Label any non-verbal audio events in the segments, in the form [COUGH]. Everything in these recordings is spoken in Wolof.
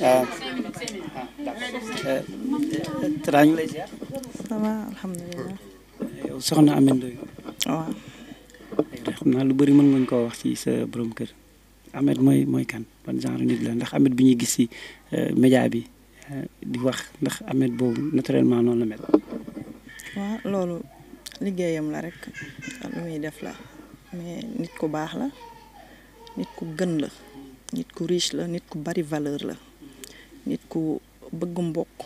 waaw Tara ñu ngi soxna Amy Ndoye. waaw. xam naa lu bari mën nga koo wax ci sa borom kër. Ahmed mooy mooy kan ban genre nit la ndax Ahmed bi ñuy gis ci euh, média bi euh, di wax ndax Ahmed boobu naturellement noonu la mel. waaw loolu liggéeyam la rek lu muy def la mais nit ku baax la nit ku gën la nit ku riche la nit ku bari valeur la. nit ku bëgg mbokk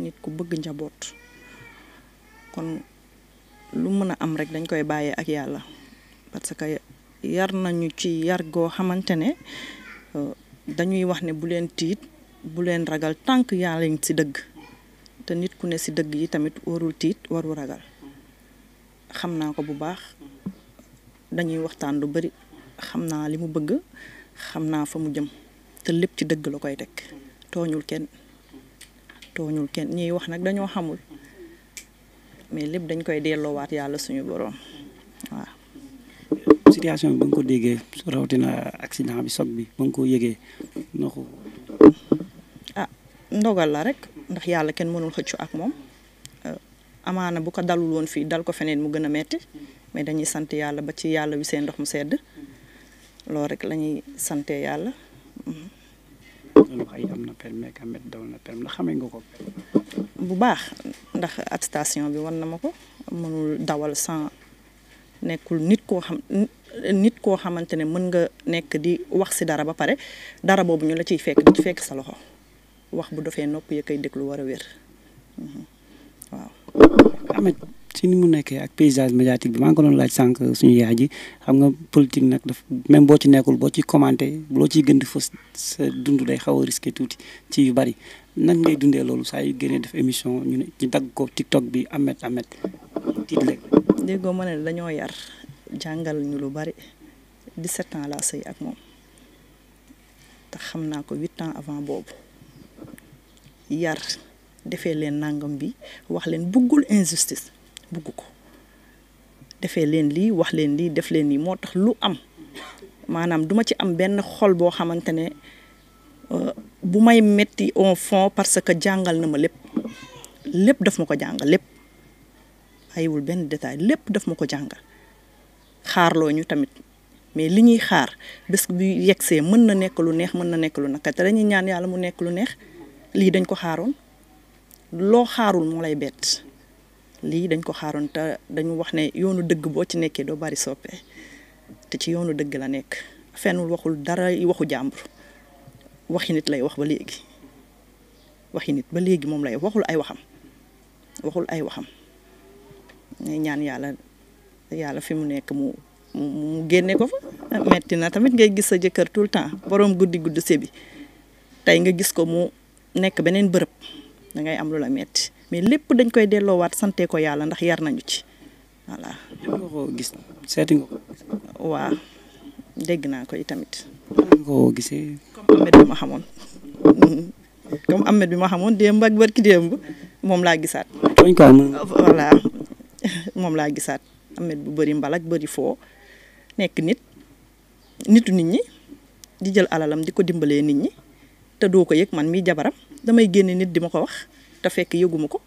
nit ku bëgg njaboot kon lu mën a am rek dañ koy bàyyee ak yàlla parce que yar nañu ci yar goo xamante ne euh, dañuy wax ne bu leen tiit bu leen ragal tànk yàlla ngi si dëgg te nit ku ne si dëgg yi tamit warul tiit waru ragal xam naa ko bu baax dañuy waxtaan lu bari xam naa li mu bëgg xam naa fa mu jëm te lépp ci dëgg la koy teg tooñul kenn tooñul kenn ñiy wax nag dañoo xamul mais lépp dañ koy delloowaat yàlla suñu boroom waaw. situation bi ba nga ko déggee rawatina accident bi soog bi ba nga ko yëgee noo ah, ndogal la rek ndax yàlla kenn mënul xëccu ak moom euh, amaana bu ko dalul fii dal ko feneen mu gën a metti mais dañuy sant yàlla ba ci yàlla wi seen ndox mu sedd loolu rek lañuy sante yàlla. Mm-hmm. doon wax ay na ko. bu baax ndax attestation bi war na ma ko mënul dawal sans nekkul nit koo xam nit koo xamante ne mën nga nekk di wax si dara ba pare dara boobu ñu la ciy fekk di fekk sa loxo wax bu dofee nopp ya koy déglu war a wér mhm. waaw. ci ni mu nekkee ak paysage médiatique bi maa ngi ko doon laaj sànq suñu yaay ji xam nga politique nag daf même boo ci nekkul boo ci commenté loo ciy gën di fës sa dund day xaw a risqué tuuti ci yu bari nan ngay dundee loolu saa yu génnee def émission ñu ne ñu dagg ko TikTok bi amet amet tiitle déggoo ma ne dañoo yar jàngal ñu lu bari di ans laa sëy ak moom te xam naa ko 8 ans avant boobu yar defee leen nangam bi wax leen bëggul injustice bugg ko defee leen lii wax leen lii def leen lii moo tax lu am maanaam duma ci am benn xol boo xamante ne euh, bu may metti au fond parce que jàngal na ma lépp lépp daf ma ko jàngal lépp ayiwul benn détail lépp daf ma ko jàngal xaarloo ñu tamit mais li ñuy xaar bés bu yegsee mën na nekk lu neex mën na nekk lu naka ñaan yàlla mu nekk lu neex lii dañ ko xaaroon loo xaarul moo lay bett lii dañ ko xaaroon te dañu wax ne yoonu dëgg boo ci nekkee doo bari soppe te ci yoonu dëgg la nekk fennul waxul dara waxu jàmbur waxinit lay wax ba léegi waxinit ba léegi moom lay waxul ay waxam waxul ay waxam ngay ñaan yàlla yàlla fi mu nekk mu mu génne ko fa metti na tamit ngay gis sa jëkkër tout le temps boroom guddi guddi sébi tey nga gis ko mu nekk beneen bërëb da am lu la metti mais lépp dañ koy delloowaat sante ko yàlla ndax yar nañu ci voilà. nga gis seeti waaw dégg naa ko tamit ko gisee. comme Ahmed bi ma xamoon [LAUGHS] comme Ahmed bi ma xamoon démb ak barki démb moom laa gisaat. voilà [LAUGHS] moom laa gisaat Ahmed bu bari mbalak bari foo nekk nit nitu nit ñi di jël alalam di ko dimbalee nit ñi te doo ko yëg man mi jabaram damay génne nit di ma ko wax. te fekk yëguma ko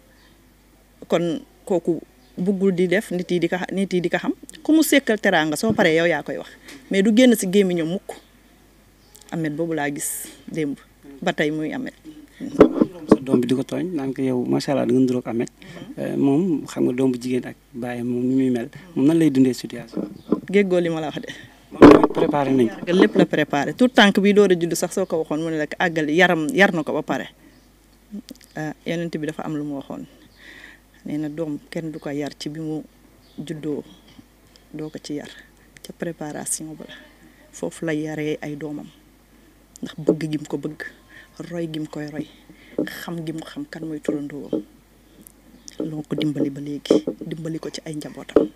kon kooku buggul di def nit yi di ko nit yi di ko xam ku mu sekkal teraanga soo paree yow yaa koy wax mais du génn si gémmiñam mukk amet boobu laa gis démb ba tey muy amet sa doom bi di ko tooñ naan ko yow macha allah da nga nduroog mhm. eh, moom xam nga doom bu jigéen ak bàyyi moom ni muy mel moom nan lay dundee situation géggoo li ma la wax de préparé nañ lépp la préparé tout tànk bi doo a judd sax soo ko waxoon mu ne la àggal yaram yar na ko ba pare Ah, yonent bi dafa am lu mu waxoon nee na doom kenn du ko yar ci bi mu juddoo doo ko ci yar ca préparation ba la foofu la yaree ay doomam ndax bëgg gim ko bëgg roy gim koy roy xam gim ko xam kan mooy turandoowam loo ko dimbali ba léegi dimbali ko ci ay njabootam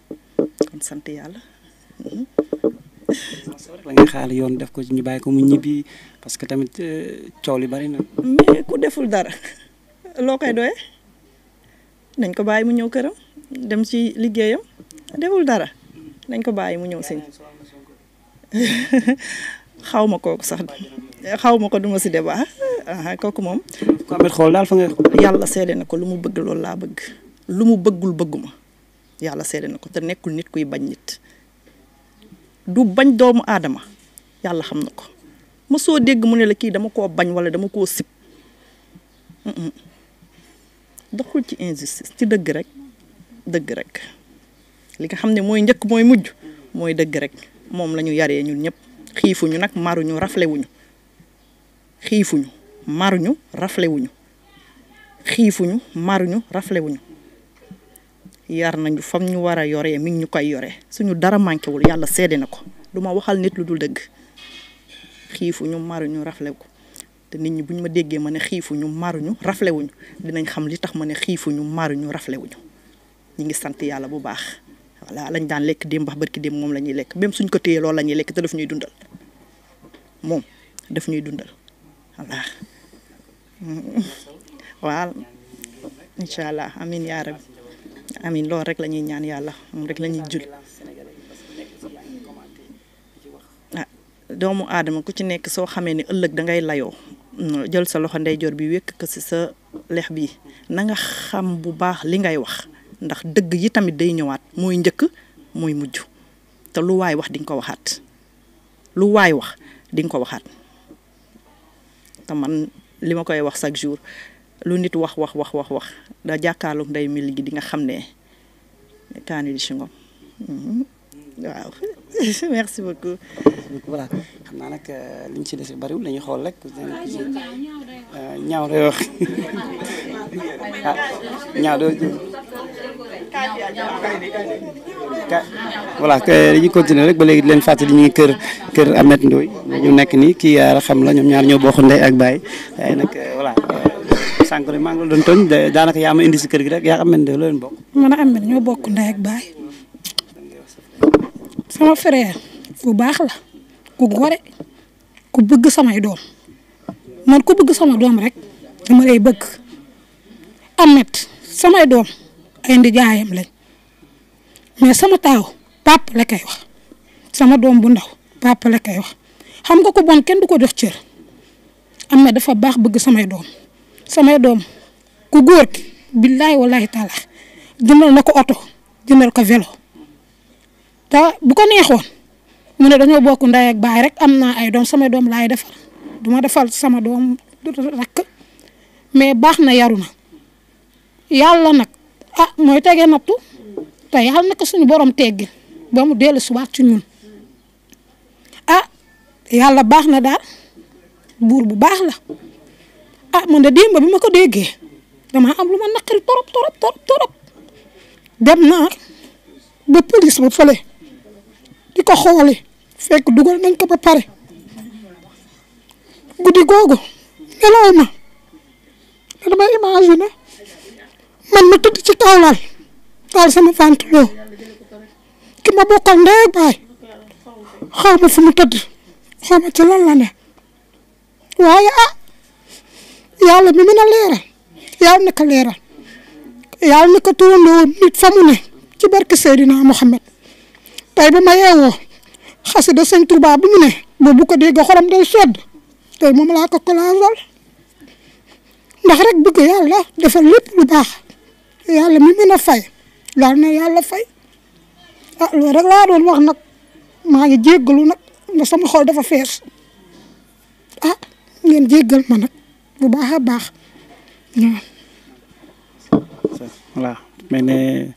kon sant yàlla. Mm-hmm. soo rek la nga xaali yoon def ko ñu bàyyi ko mu ñibbi parce que tamit euh, coow li bari na. mais ku deful dara loo koy doy dañ ko bàyyi mu ñëw këram dem ci liggéeyam deful dara nañ ko bàyyi mu ñëw sëñ [LAUGHS] xaw ma kooku sax xaw ma ko duma si de ah kooku moom. ko amet xool daal fa nga. yàlla seede na ko lu mu bëgg loolu laa bëgg lu mu bëggul bëgguma yàlla seede na ko te nekkul nit kuy bañ nit. du bañ doomu aadama yàlla xam na ko ma soo dégg mu ne la kii dama koo bañ wala dama koo sib doxul ci injustice ci dëgg rek dëgg rek li nga xam ne mooy njëkk mooy mujj mooy dëgg rek moom la ñu yaree ñun ñëpp xiifuñu nag maruñu raflewuñu xiifuñu maruñu raflewuñu xiifuñu maruñu raflewuñu yar na fam ñu war a yoree mi ngi ñu koy yoree suñu dara manqué wul yàlla seede na ko du ma waxal nit lu dul dëgg xiifu ñu maruñu rafle ko te nit ñi bu ñu ma déggee ma ne xiifu ñu maruñu rafle wuñu dinañ xam li tax ma ne xiifu ñu maruñu ñu wuñu ñu ngi sant yàlla bu baax voilà lañ daan lekk démb wax barki démb moom la ñuy lekk même suñ ko téyee loolu la lekk te daf ñuy dundal moom daf ñuy dundal voilà waaw [LAUGHS] amin yaa amin loolu rek la ñuy ñaan yàlla moom rek la ñuy jul ah doomu aadama ku ci nekk soo xamee ni ëllëg da ngay layoo jël sa loxo ndeyjoor bi wékk ko si sa lex bi nanga nga xam bu baax li ngay wax ndax dëgg yi tamit day ñëwaat mooy njëkk mooy mujj te lu waay wax di nga ko waxaat lu waay wax di nga ko waxaat te li ma koy wax chaque jour lu nit wax wax wax wax wax da jàkkaarloog nday mil gi di nga xam ne Kani Lichi Ngom mhm. waaw [LAUGHS] merci beaucoup. voilà xam naa nag euh, li ci des bariwul la xool rek. ñaaw day ah, wax ñaaw doo jëm. voilà continuer rek ba léegi di leen fàttali ñu ngi kër kër Ameth Ndoye ñu nekk nii kii xam la ñoom ñaar ñoo bokk ndey ak baay waaye nag euh, voilà. sànq rek maa ngi la doon tooñ daanaka yaa indi si kër gi rek yaa am nañ de loo leen bokk. man am na ñoo bokk ndey ak baay sama frère bu baax la ku gore ku bëgg samay doom man ku bëgg sama doom rek dama lay bëgg amet samay doom ay ndijaayam mais sama taaw pap la koy wax sama doom bu ndaw pap la koy wax xam nga ko bon kenn du ko jox cër amet dafa baax bëgg samay doom. samay doom ku góor ki billaay wallahi taala jëndal na ko oto jëndal ko velo te bu ko neexoon mu ne dañoo bokk ndey ak baay rek am naa ay doom samay doom laay defal duma defal sama doom rakk mais baax na yaru na yàlla nag ah mooy tegee nattu te yàlla nag suñu borom teggil ba mu dellu suwaat ci ñun ah yàlla baax na daal buur bu baax la ah man de démb bi ma ko déggee dama am lu ma naqari torop torop torop torop dem naa ba police ba fële di ko xooli fekk dugal nañ ko ba pare guddi googu nelaw ma te damay man ma tëdd ci kaw lal daal sama ventilo ki ma bokkal ndey ak xaw ma fu mu tëdd xaw ma ci lan la waaye ah. yàlla mi mën a leeral yàlla na ko leeral yàlla na ko turandoo nit fa mu ne ci barke Seydina Mohamed tey ba ma yeewoo xasida sëñ Touba bu mu ne boobu ko dégg xolam day sedd tey moom laa ko kolaasal ndax rek bëgg yàlla defal lépp lu baax yàlla mi mën a fay daal na yàlla fay ah loolu rek laa doon wax nag maa ngi jéggalu nag ndax sama xol dafa fees ah ngeen jéggal ma nag. bu baax a baax waaw. voilà